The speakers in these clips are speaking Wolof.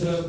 ذكر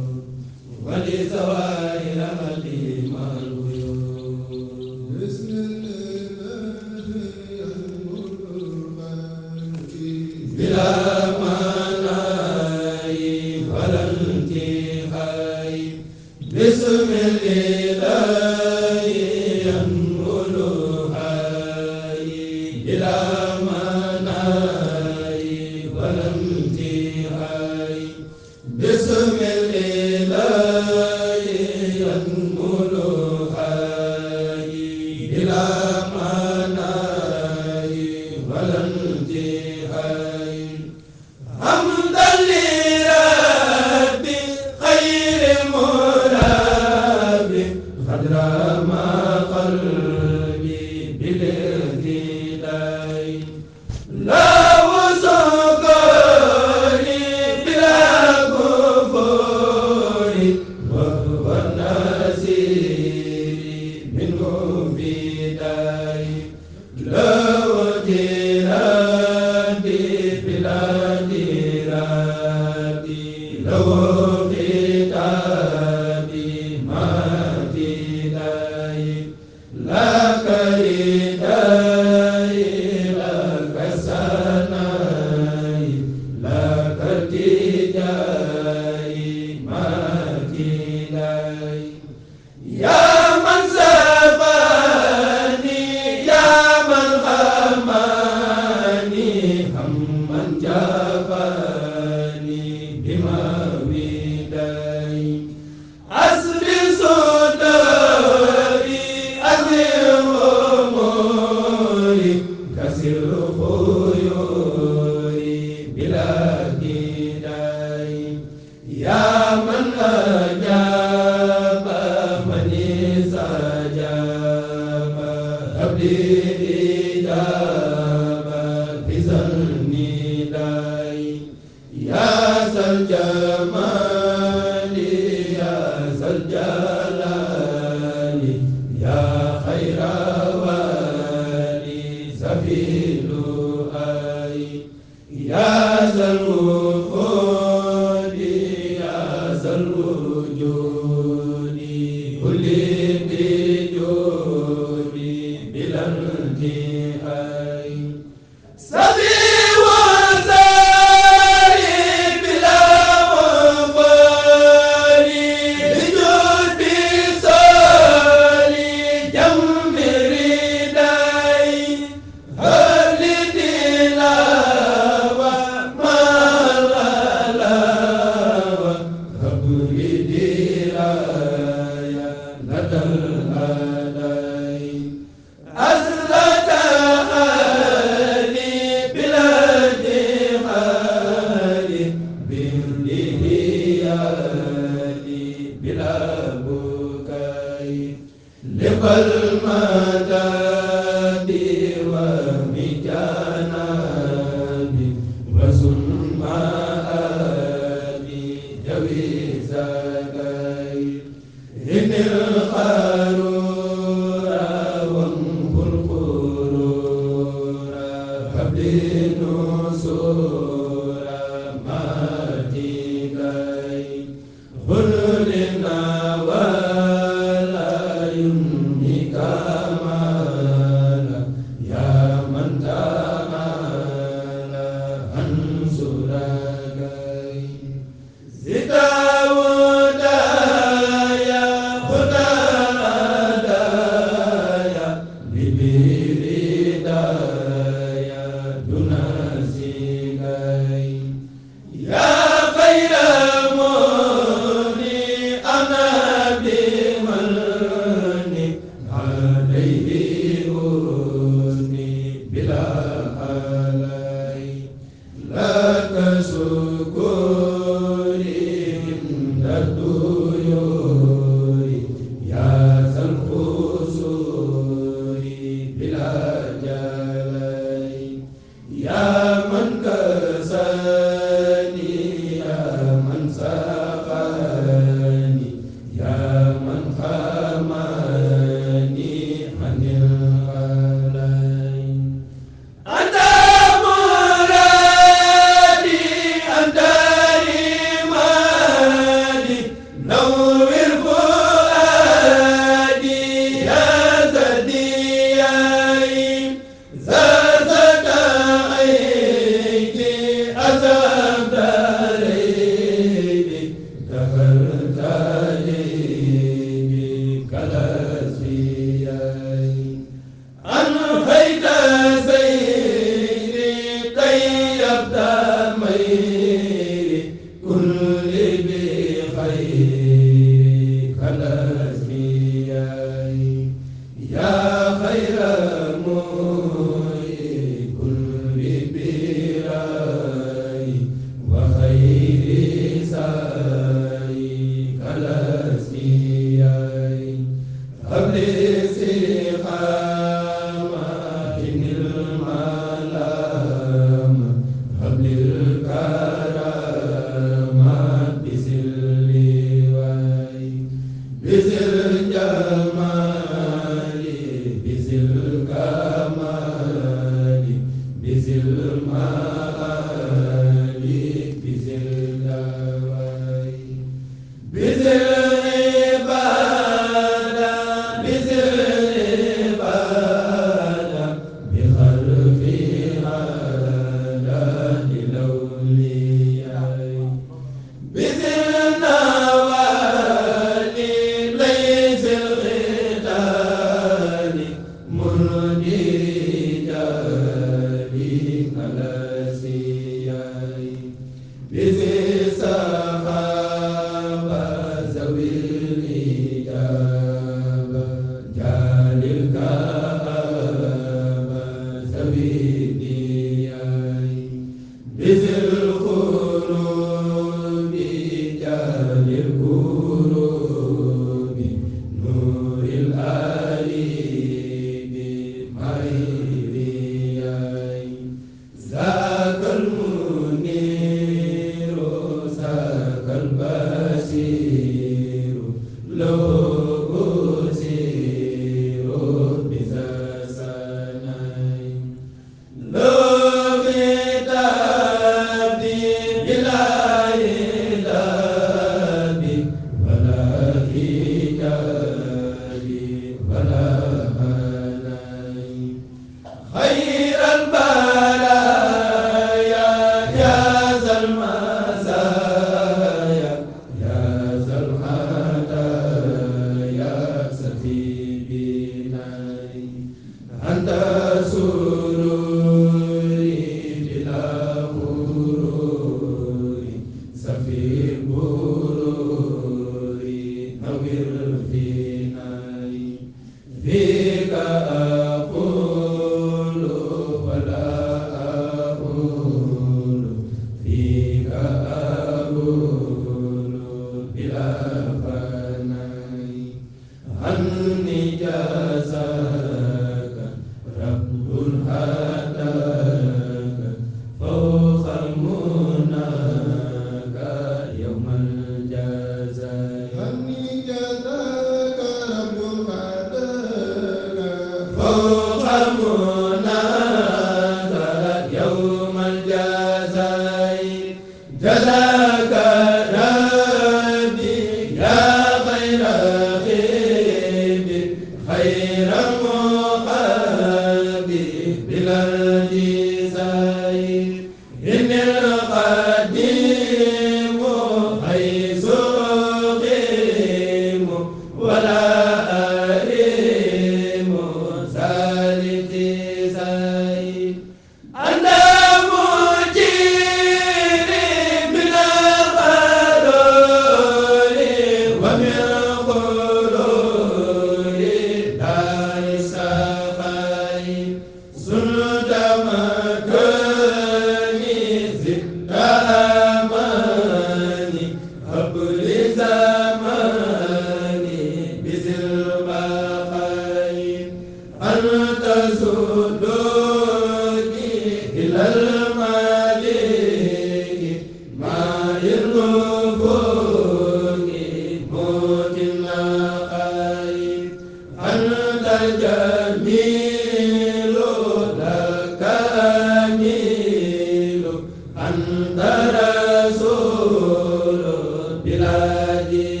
bilaaji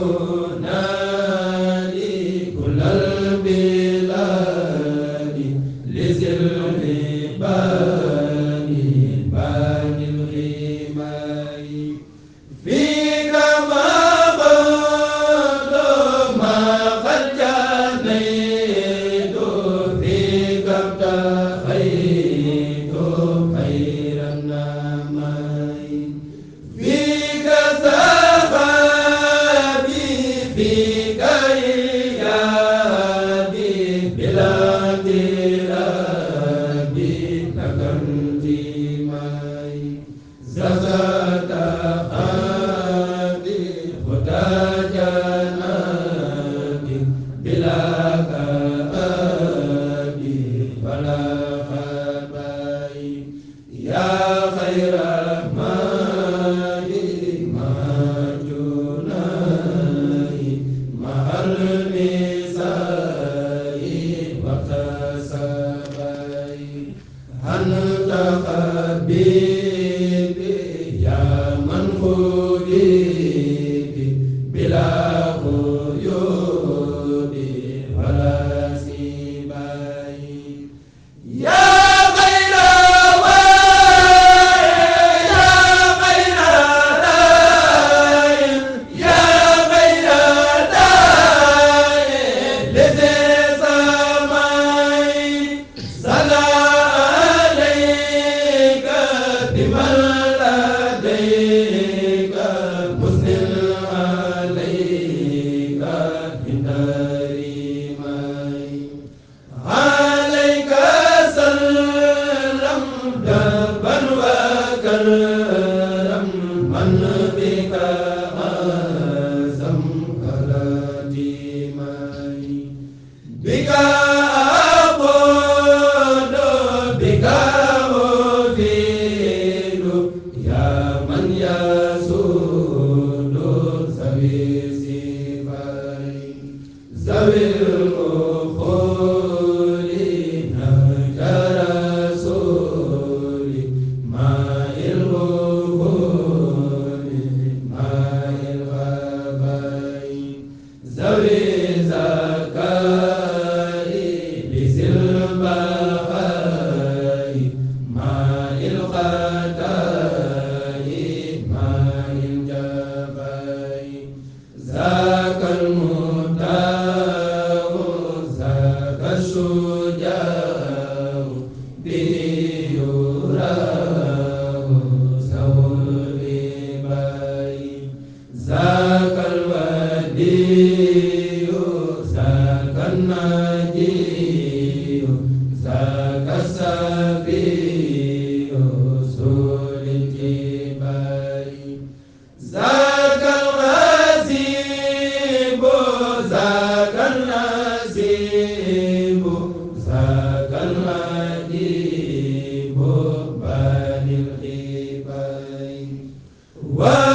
la wa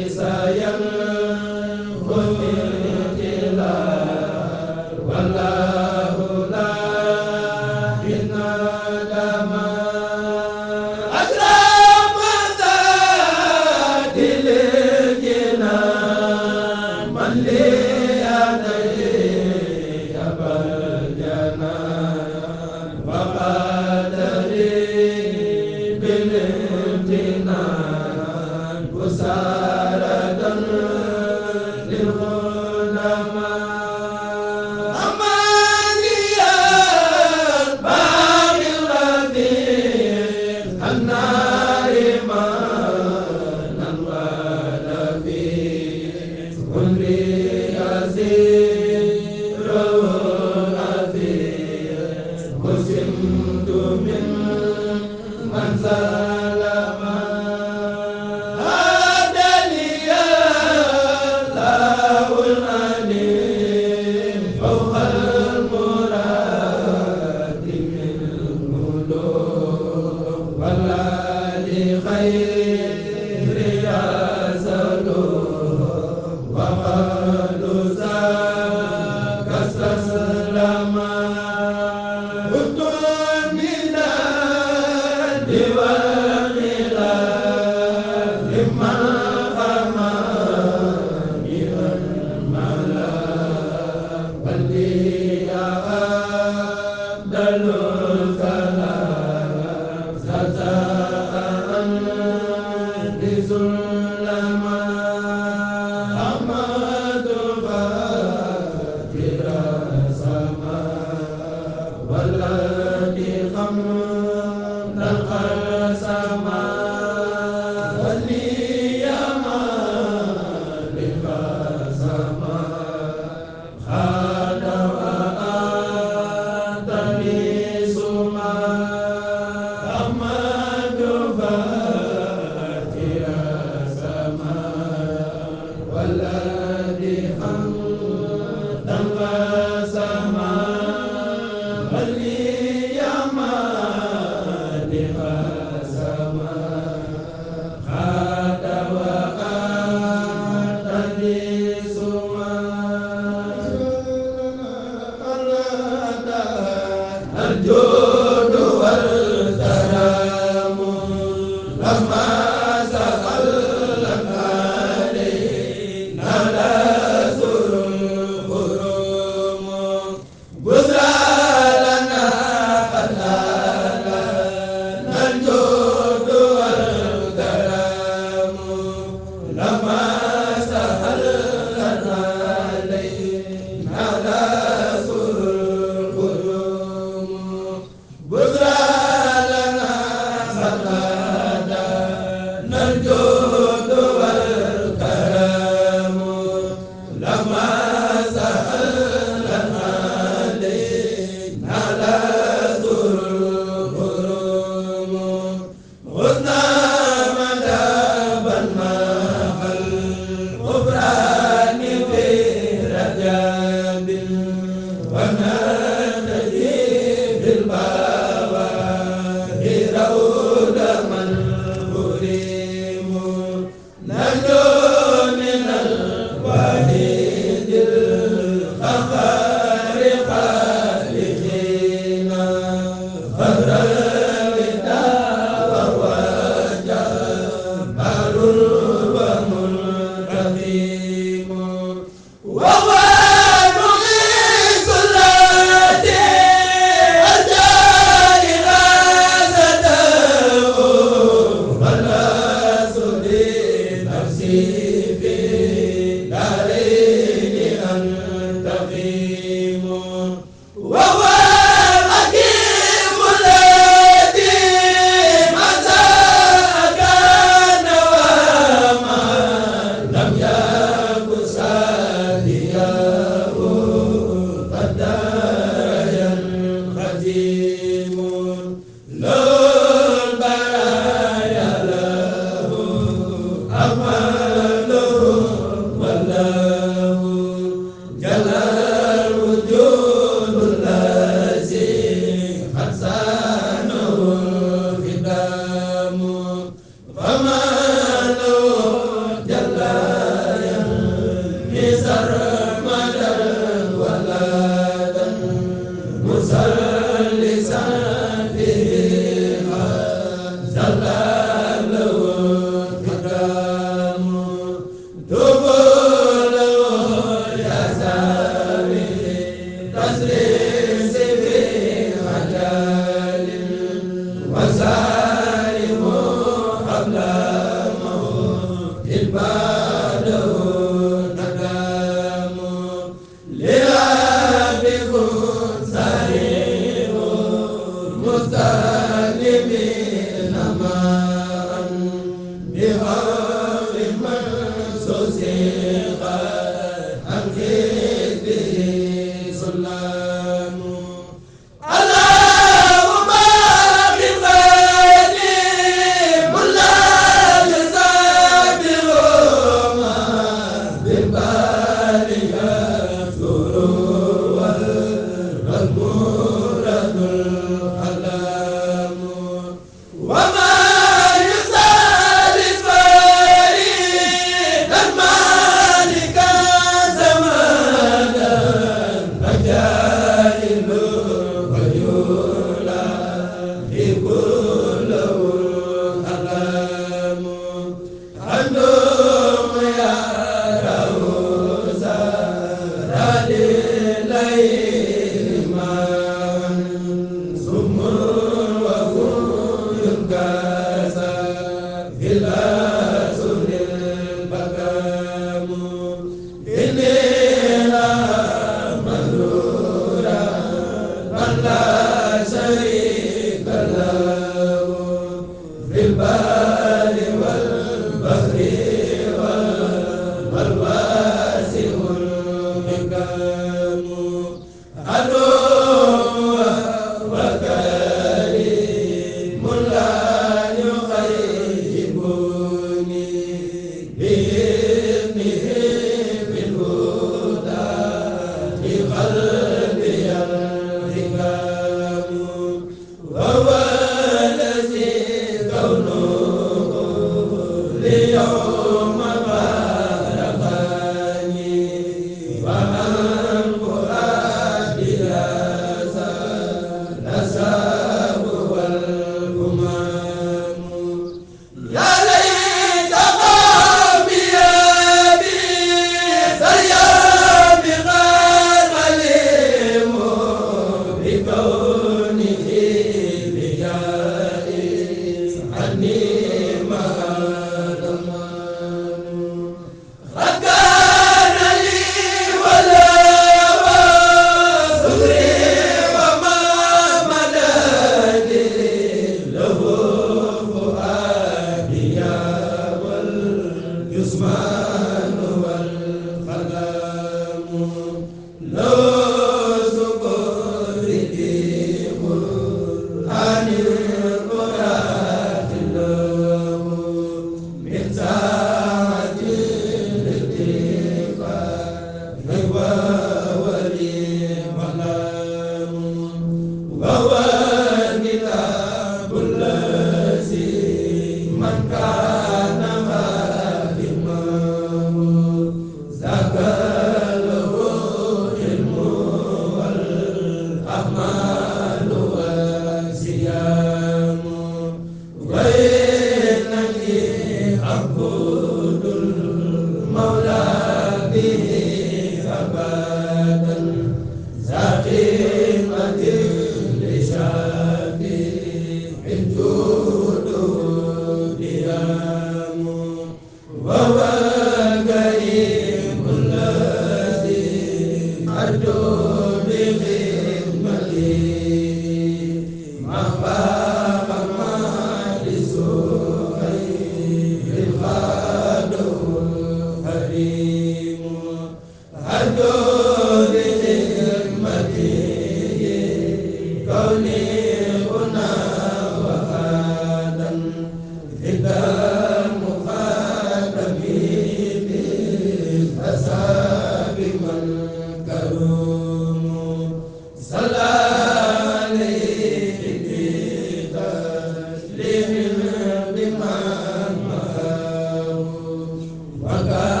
baka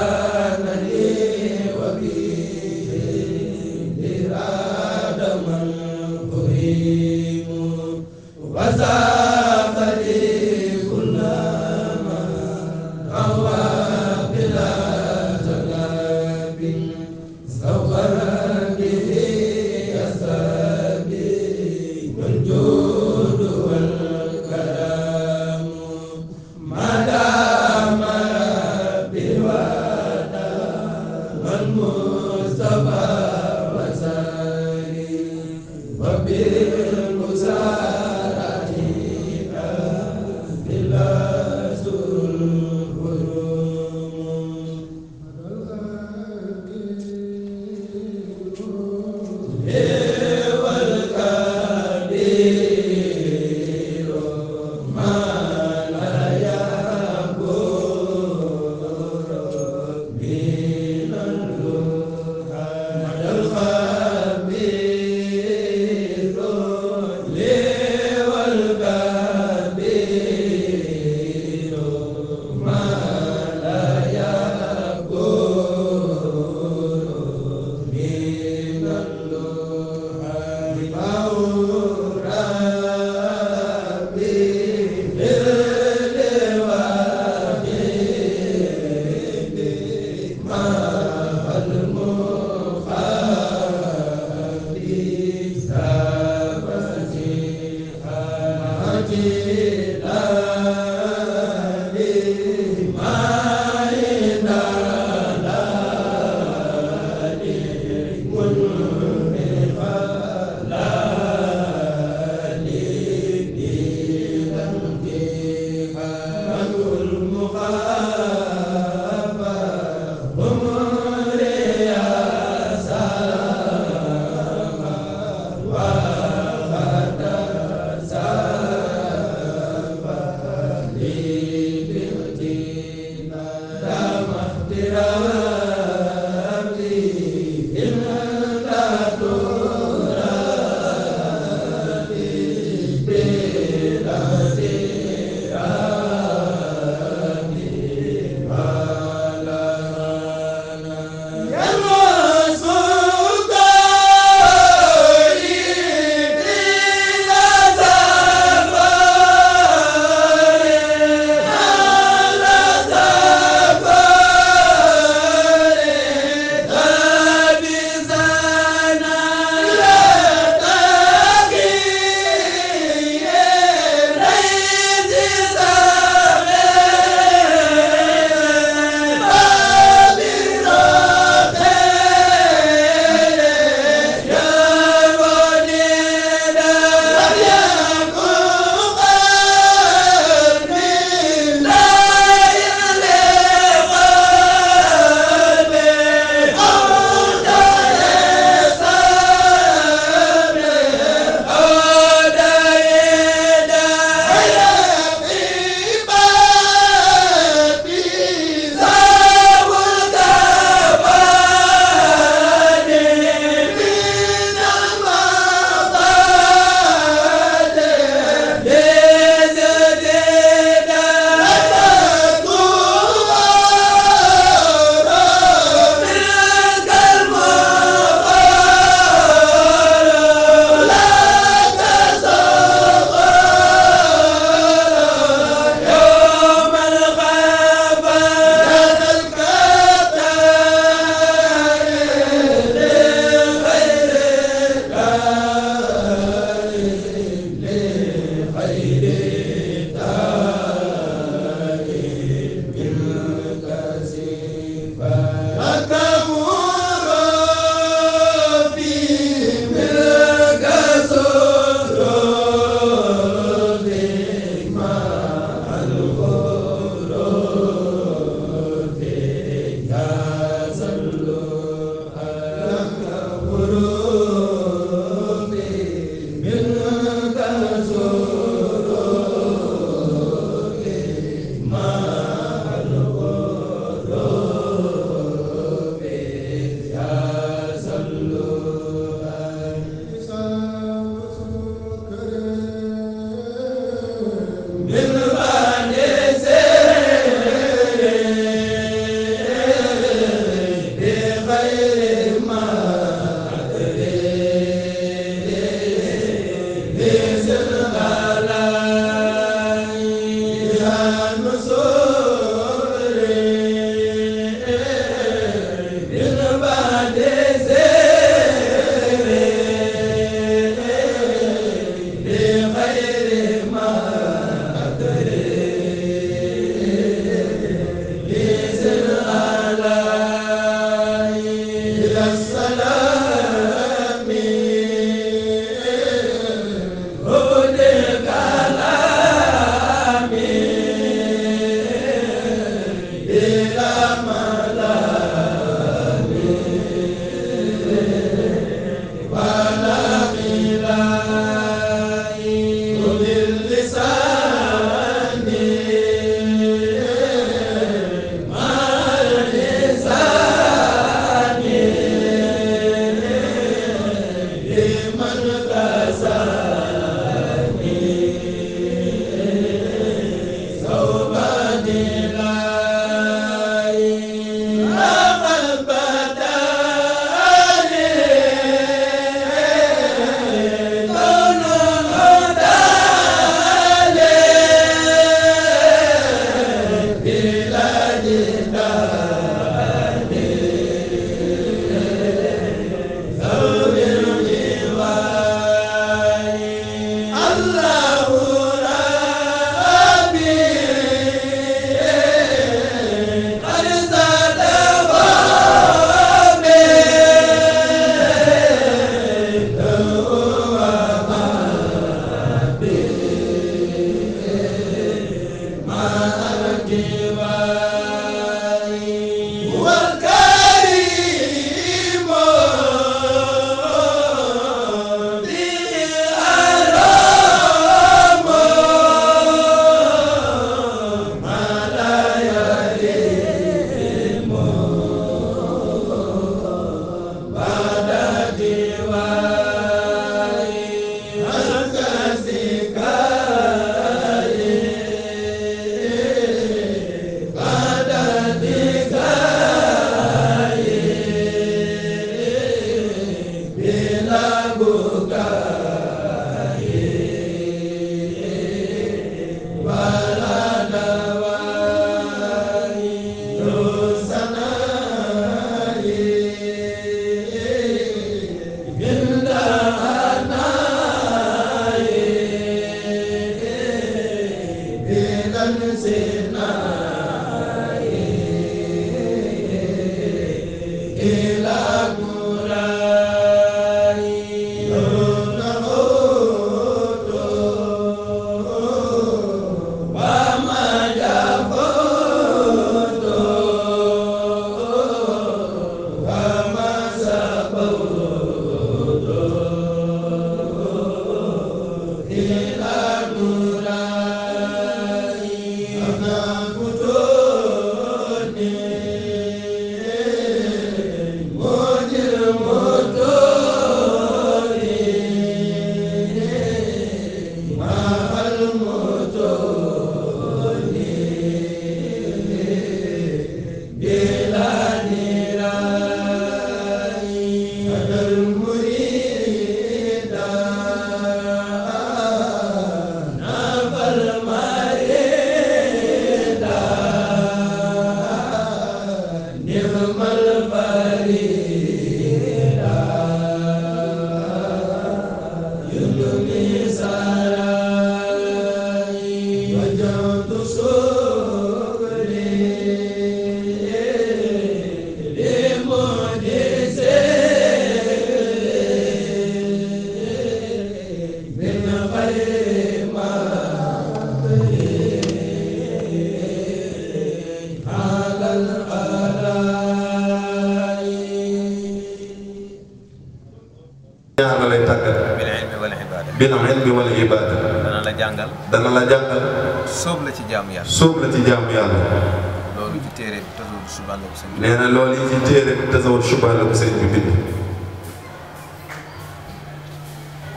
nee na loolu yi ci téere tasawur shubaa la ko sëñ bi bind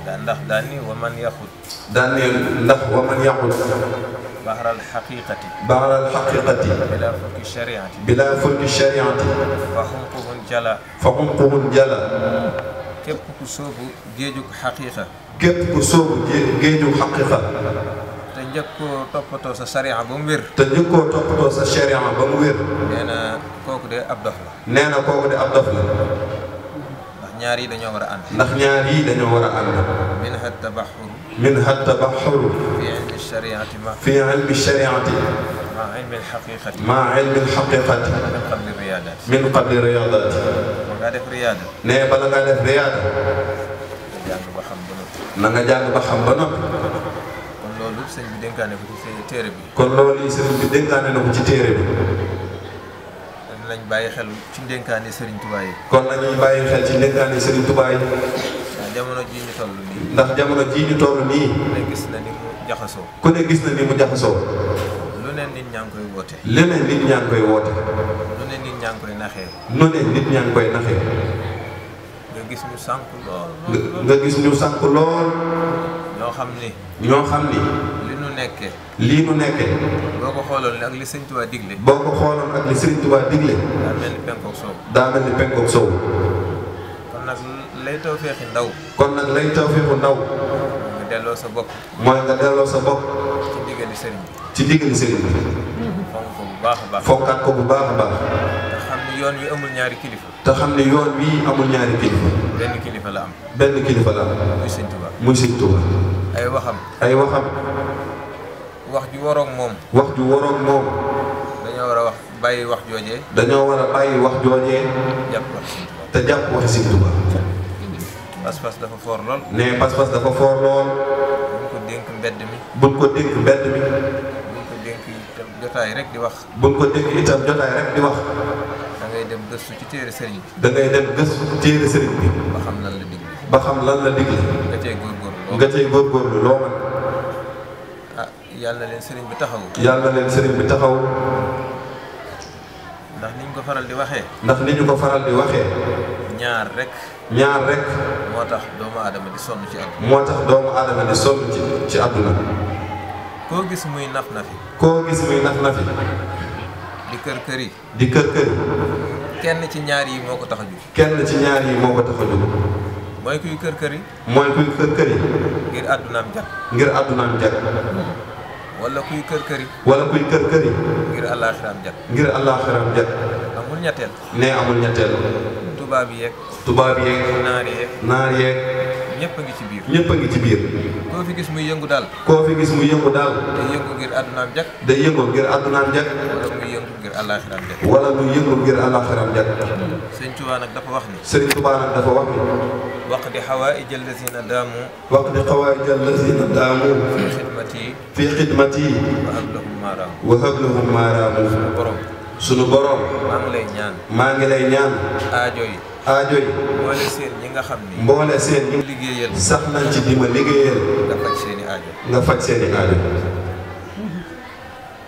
daa ndax daan ni wa man yaxut daan ni ndax wa man yaxut baxral xaqiqati baxral xaqiqati bila furki shariati bila furki shariati fa xumquhun jala fa xumquhun jala képp ku soobu géejug xaqiqa képp ku soobu géejug xaqiqa te njëkkoo toppatoo sa sariya ba mu wér te njëkkoo toppatoo sa sariya ba mu wér nee na ab dof nee na kooku de ab dof la. ndax ñaar yi dañoo war a ànd. ndax ñaar yi dañoo war a ànd. min ha fi ilmi shariati ma. fi ilmi shariati. ma ilmi lxaqiqati. ma ilmi lxaqiqati. min qabli riyaadaat. min qabli riyaadaat. bala ngaa def riyaada. nee bala ngaa def riyaada. na nga jàng ba ba noppi. loolu sëñ bi dénkaane ko ci bi. kon loolu sëñ bi ci téere bi. nañ bàyyi xel ci ndénkaane Serigne Touba yi. kon nañu bàyyi xel ci ndénkaane Serigne Touba yi. ndax jamono jii ñu toll nii. ndax jamono jii ñu toll nii. ku ne gis na ni mu jaxasoo. ku ne gis na ni mu jaxasoo. lu ne nit ñaa ngi koy woote. leneen nit ñaa ngi koy woote. lu ne nit ñaa ngi koy naxee. lu ne nit ñaa ngi koy naxee. nga gis ñu sànq lool. nga gis ñu sànq lool. ñoo xam ni. ñoo xam ni. nu nekkee. lii nu nekkee. boo ko xooloon ak li Sëriñ Tuubaa digle. boo ko xooloon ak li Sëriñ Tuubaa digle. daa mel ni penkook sow. daa mel ni penkook sow. kon nag lay taw feexi ndaw. kon nag lay taw feexu ndaw. nga delloo sa bopp. mooy nga delloo sa bopp. ci digali sëriñ ci digali sëriñ bi. fonk ko bu baax a baax. fonkaat ko bu baax a baax. te xam ni yoon wi amul ñaari kilifa. te xam ne yoon wi amul ñaari kilifa. benn kilifa la am. benn kilifa la am. muy Sëriñ muy Sëriñ ay waxam. ay waxam. wax ju waroog moom. wax ju waroog moom. dañoo war a wax bàyyi wax joojee. dañoo war a bàyyi wax joojee. jàpp wax te jàpp wax Sëriñ Tuubaa. pas-pas dafa foor lool. ne pas-pas dafa foor lool. buñ ko dénk mbedd mi. buñ ko dénk mbedd mi. buñ ko dénk itam jotaay rek di wax. buñ ko dénk itam jotaay rek di wax. dem gëstu ci téere sëriñ bi. da ngay dem gëstu ci téere sëriñ bi. ba xam lan la digle. ba xam lan la digle. nga cay góorgóorlu loo mën. nga cay góorgóorlu loo mën. yàlla leen sëriñ bi taxaw. yàlla leen sëriñ bi taxaw. ndax ni ñu ko faral di waxee. ndax ni ñu ko faral di waxee. ñaar rek. ñaar rek. moo tax doomu aadama di sonn ci àdduna. moo tax doomu aadama di sonn ci ci àdduna. koo gis muy naf na fi. koo gis muy naf na fi. di kër kër di kër kër kenn ci ñaar yi moo ko tax a jóg. kenn ci ñaar yi moo ko tax a mooy kuy kër kër yi. mooy kuy kër kër ngir àddunaam jag. ngir àddunaam jag. Hmm. wala kuy kër kër yi. wala kuy kër kër yi. ngir àllaaxiraam jag. ngir àllaaxiraam jag. amul ñetteel. nee amul ñetteel. tubaab yeeg. tubaab yeeg. naar yeeg. naar yeeg. ñëpp a ngi ci biir. ñëpp a ngi ci biir. koo fi gis muy yëngu daal. koo fi gis muy yëngu daal. day yëngu ngir àddunaam jag. day yëngu ngir àddunaam jag. wala muy yëngu ngir àllaaxiraam jag. wala muy yëngu ngir àllaaxiraam jag. sëñ Tuubaa nag dafa wax ni. sëñ Tuubaa nag dafa wax ni. waqdi xawaa'ija allaziina daamu. waqdi xawaa'ija allaziina daamu. fi xidmati. fi xidmati. wa hablahum maaraamu. wa hablahum maaraamu. sunu boroom. maa ngi lay ñaan. maa ngi lay ñaan. aajo yi. aajo yi. mboole seen ñi nga xam ni. mboole seen ñi. liggéeyal sax nañ ci di ma liggéeyal. nga faj seeni i aajo. nga faj seen i aajo.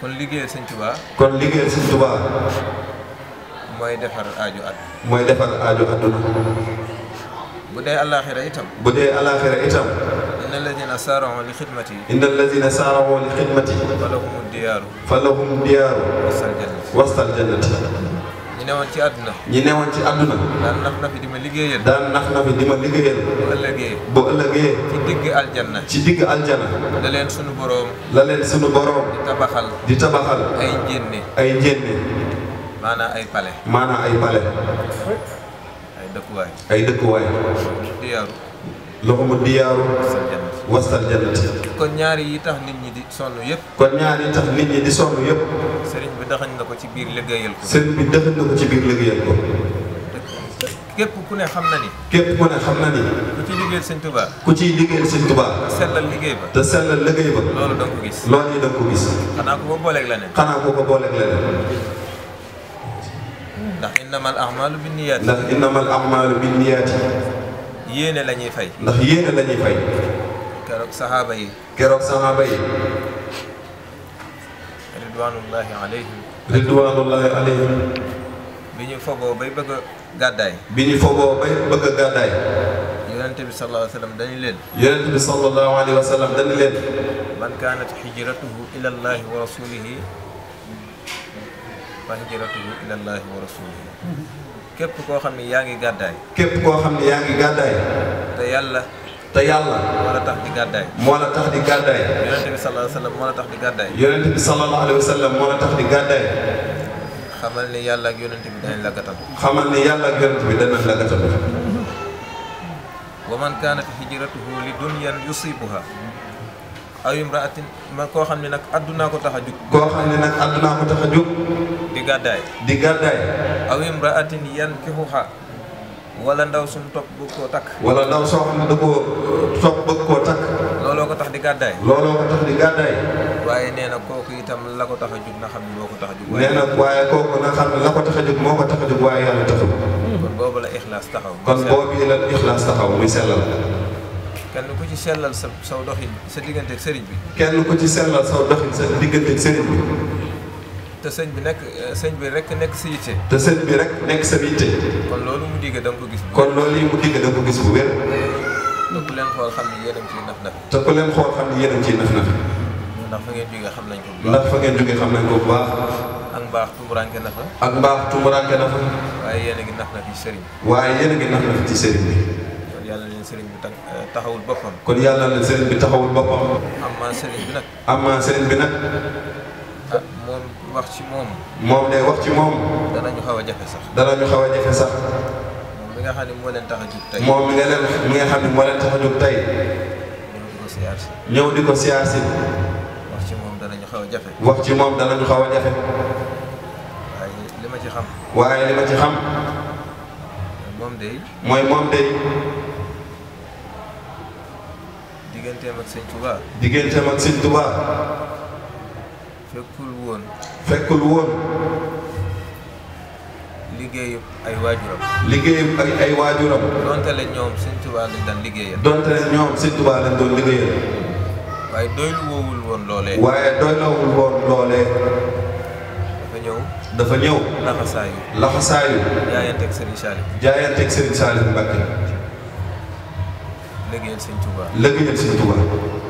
kon liggéeyal sëñ Tuubaa. kon liggéeyal sëñ Tuubaa. mooy defar aajo at. mooy defar aajo adduna. bu dee alaaxira itam. bu dee alaaxira itam. الذين سارعوا لخدمتي إن الذين سارعوا لخدمتي فلهم الديار فلهم الديار وسط ñi newoon ci àdduna ñi newoon ci àdduna daan nax na di ma liggéeyal daan nax na di ma liggéeyal bu ëllëgee bu ëllëgee ci digg aljanna ci digg aljanna la leen sunu boroom la leen sunu boroom di tabaxal di tabaxal ay njénne ay njénne maanaa ay pale maanaa ay pale ay dëkkuwaay ay dëkkuwaay diyaaru lahumu diyaaru wasal jannati kon ñaari yi tax nit ñi di sonn yëpp kon ñaari yi tax nit ñi di sonn yëpp sëriñ bi dëxañ na ko ci biir liggéeyal ko sëriñ bi dëxañ na ko ci biir liggéeyal ko képp ku ne xam na ni képp ku ne xam na ni ku ci liggéeyal sëñ Tuubaa ku ciy liggéeyal sëñ Tuubaa te sellal liggéey ba te sellal liggéey ba loolu da ko gis loolu yi da nga ko gis xanaa ko ko booleeg leneen xanaa ko ko booleeg leneen ndax innamal a'maalu binniyaati ndax yéene la ñuy fay. ndax yéene la ñuy fay. keroog saxaaba yi. keroog saxaaba yi. ridwaanullahi alayhim. ridwaanullahi alayhim. bi ñu fogoo bay bëgg a gàddaay. bi ñu fogoo bay bëgg a gàddaay. yonente bi sallallahu alayhi wa sallam dañu leen. yonente bi sallallahu alayhi wa sallam dañu leen. man kaanat hijratuhu ila allahi wa rasulihi. fa hijratuhu ila allahi wa rasulihi. képp koo xam ne yaa ngi gàddaay. képp koo xam ne yaa ngi gàddaay. te yàlla. te yàlla. moo tax di gàddaay. moo la tax di gàddaay. yonente bi sallallahu alayhi tax di gàddaay. yonente bi sallallahu alayhi la tax di gàddaay. xamal ni yàlla ak yonente bi danañ la gàttal. xamal ni yàlla ak yonente bi danañ la gàttal. wa man kaanat hijratuhu li dunyan yusibuha aw imraatin ma koo xam ne nag addunaa ko tax a jug koo xam ne nag addunaa ko tax a jug di gàddaay di gàddaay aw imraatin yan kixuxa wala ndaw sum topp bëgg koo takk wala ndaw soo xam ne da koo uh, topp bëgg koo takk looloo ko tax di gàddaay looloo di gàddaay waaye nee na kooku itam la ko tax a jug na xam ne moo ko tax a jug nee na waaye kooku na xam ne la ko tax a jug moo ko tax a jug waaye yàlla taxul kon boobu la ixlaas taxaw kon boobu la ixlaas taxaw muy sellal kenn ko ci sellal sa saw doxin sa digganteeg sëriñ bi. kenn ko ci sellal saw doxin sa digganteeg sëriñ bi. te sëñ bi nekk sëñ bi rek nekk sa yitte. te sëñ bi rek nekk sa yitte. kon loolu mu digg da ko gis. kon loolu yi mu digg da ko gis bu wér. te ku leen xool xam ni yéen a ngi ciy naf naf. te ku leen xool xam ni yéen a ngi ciy naf naf. ndax fa xam nañ ko bu baax. ndax fa ngeen jógee xam nañ ko bu baax. ak mbaax tumuraanke na fa. ak mbaax tumuraanke na fa. waaye yéen gi ngi naf naf ci sëriñ. waaye yéen a ngi naf naf ci yàlla na leen sëriñ bi euh, taxawul boppam. kon yàlla na leen sëriñ bi taxawul boppam. amaa sëriñ bi nag. amaa sëriñ bi nag. ah moom wax ci moom. moom day wax ci moom. danañu xaw a jafe sax. danañu xaw a jafe sax. moom mi nga xam ne moo leen tax a jóg tey. moom mi nga leen mi nga xam ne moo leen tax a jóg tey. ñëw di ko siyaar si. ñëw di ko siyaar si. wax ci moom danañu xaw a jafe. wax ci moom danañu xaw a jafe. waaye li ma ci xam. waaye li ma ci xam. moom day. mooy moom day. digganteem ak sëñ Touba. digganteem ak sëñ Touba. fekkul woon. ay waajuram. liggéeyub ay ay waajuram. donte ñoom sëñ Touba lañ doon liggéeyal. waaye doylu woowul woon loolee. waaye doyloowul woon loolee. dafa ñëw. dafa ñëw. laxasaayu. laxasaayu. jaayanteeg Serigne Saliou. jaayanteeg Serigne liggéeyal sëñ Touba. liggéeyal sëñ Touba.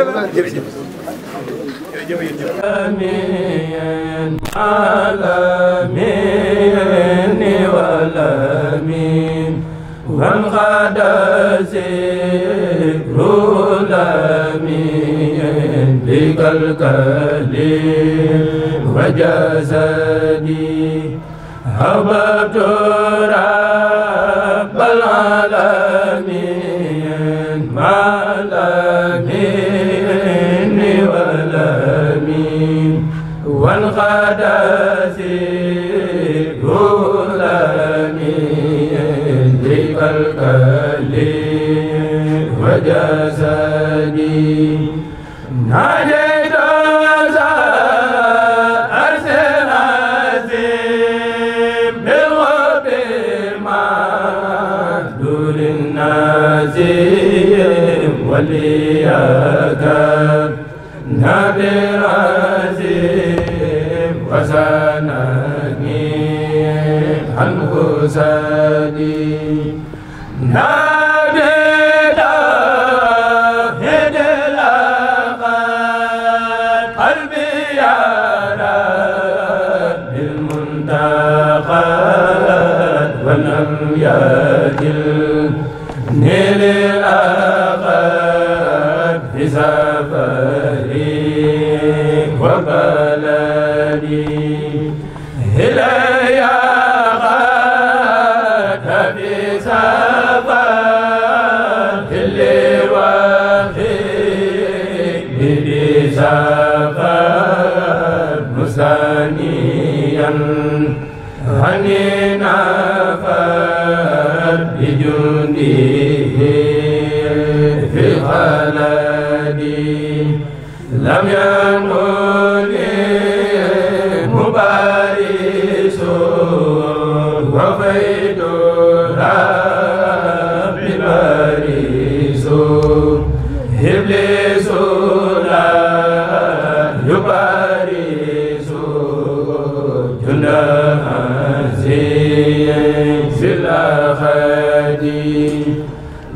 jërëjëf jërëjëf wa بجنده في الخلد لم يكن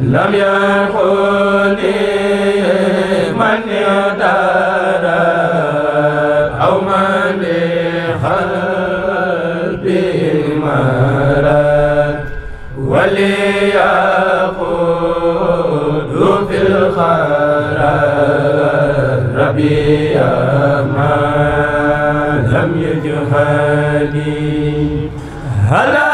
لم يكن من يدار أو من لقلبه مرض وليقود في الخراب ربي ما لم يجهلني هلا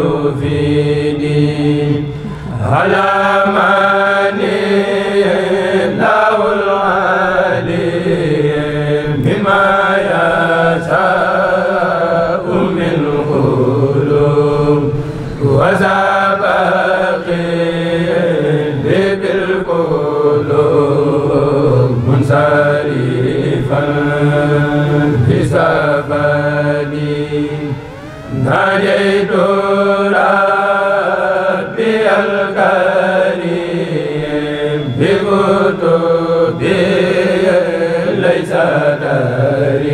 يفيدي على ماني له العليم بما يشاء من قلوب وسبقي بالقلوب منصرفا بسببي ناديته ستري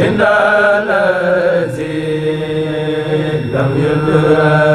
إن الذي لم يدرك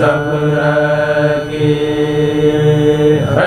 sa